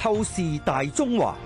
透視大中華，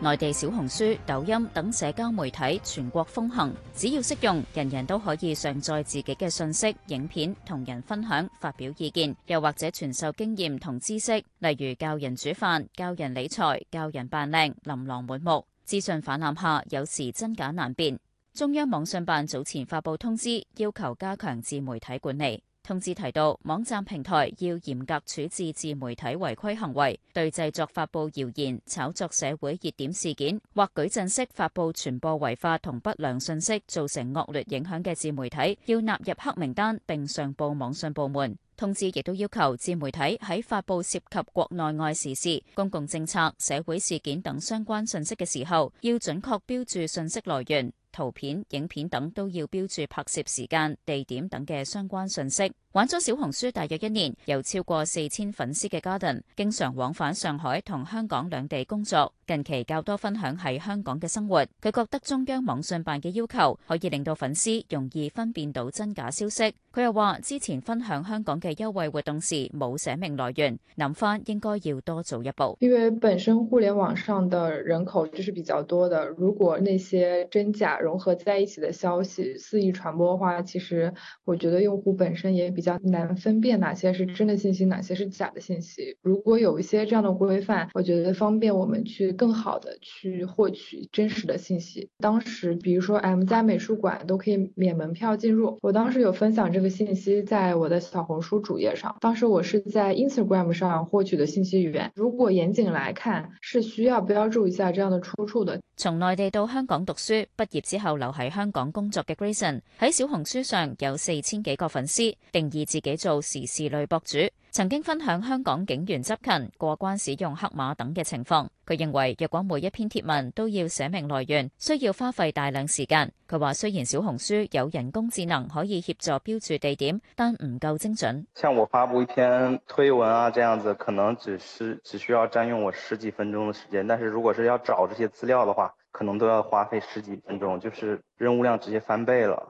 內地小紅書、抖音等社交媒體全國風行，只要適用，人人都可以上載自己嘅信息、影片，同人分享、發表意見，又或者傳授經驗同知識，例如教人煮飯、教人理財、教人扮靚，琳琅滿目。資訊泛濫下，有時真假難辨。中央網信辦早前發布通知，要求加強自媒體管理。通知提到，網站平台要嚴格處置自媒體違規行為，對製作、發布謠言、炒作社會熱點事件或舉陣式發布傳播違法同不良信息造成惡劣影響嘅自媒體要納入黑名單並上報網信部門，通知亦都要求自媒體喺發布涉及國內外時事、公共政策、社會事件等相關信息嘅時候，要準確標註信息來源。圖片、影片等都要標註拍攝時間、地點等嘅相關信息。玩咗小紅書大約一年，有超過四千粉絲嘅 Garden，經常往返上海同香港兩地工作。近期較多分享喺香港嘅生活。佢覺得中央網信辦嘅要求可以令到粉絲容易分辨到真假消息。佢又話之前分享香港嘅優惠活動時冇寫明來源，諗翻應該要多做一步。因為本身互聯網上的人口就是比較多的，如果那些真假融合在一起的消息肆意傳播的話，其實我覺得用戶本身也比。比較難分辨哪些是真的信息，哪些是假的信息。如果有一些這樣的規範，我覺得方便我們去更好的去獲取真實的信息。當時，比如說 M 家美術館都可以免門票進入，我當時有分享這個信息在我的小紅書主頁上。當時我是在 Instagram 上獲取的信息源。如果嚴謹來看，是需要標注一下這樣的出處的。從內地到香港讀書，畢業之後留喺香港工作嘅 Grayson 喺小紅書上有四千幾個粉絲，並。以自己做時事類博主，曾經分享香港警員執勤、過關使用黑馬等嘅情況。佢認為，若果每一篇貼文都要寫明來源，需要花費大量時間。佢話：雖然小紅書有人工智能可以協助標註地點，但唔夠精準。像我發布一篇推文啊，這樣子可能只是只需要佔用我十幾分鐘的時間，但是如果是要找這些資料的話，可能都要花費十幾分鐘，就是任務量直接翻倍了。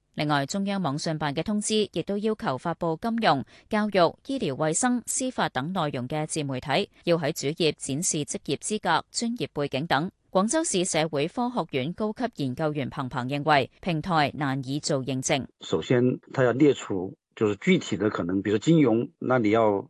另外，中央網信辦嘅通知亦都要求發布金融、教育、醫療衛生、司法等內容嘅自媒體，要喺主頁展示職業資格、專業背景等。廣州市社會科學院高級研究員彭澎認為，平台難以做認證。首先，他要列出就是具體的可能，比如金融，那你要。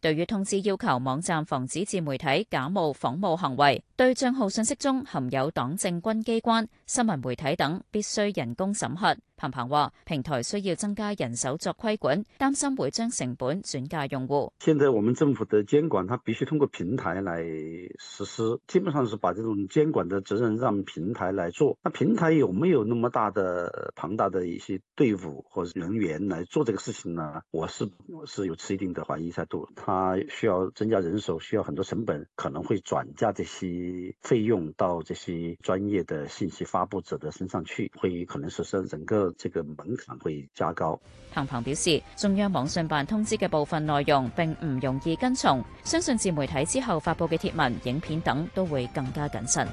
對於通知要求網站防止自媒體假冒仿冒行為，對賬號信息中含有黨政軍機關、新聞媒體等，必須人工審核。彭鵬話，平台需要增加人手作規管，擔心會將成本轉嫁用戶。現在我們政府的監管，他必須通過平台來實施，基本上是把這種監管的責任讓平台來做。那平台有沒有那麼大的龐大的一些隊伍或者人員來做這個事情呢？我是我是有持一定的懷疑態度。他需要增加人手，需要很多成本，可能會轉嫁這些，費用到這些專業的信息發佈者的身上去，會可能是說整個這個門檻會加高。彭鵬表示，中央網信辦通知嘅部分內容並唔容易跟從，相信自媒體之後發佈嘅帖文、影片等都會更加謹慎。